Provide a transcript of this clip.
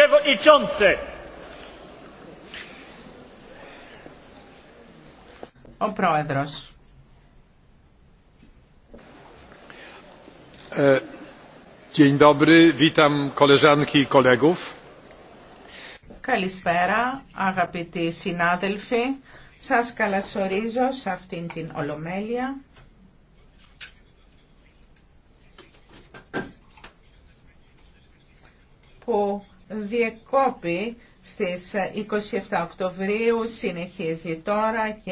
przewodniczący! Ο Πρόεδρος. Ε, dzień dobry, witam koleżanki i kolegów. Καλησπέρα, αγαπητοί συνάδελφοι. Σας καλωσορίζω σε αυτήν την Ολομέλεια. που διεκόπη στις 27 ε, Οκτωβρίου, συνεχίζει τώρα και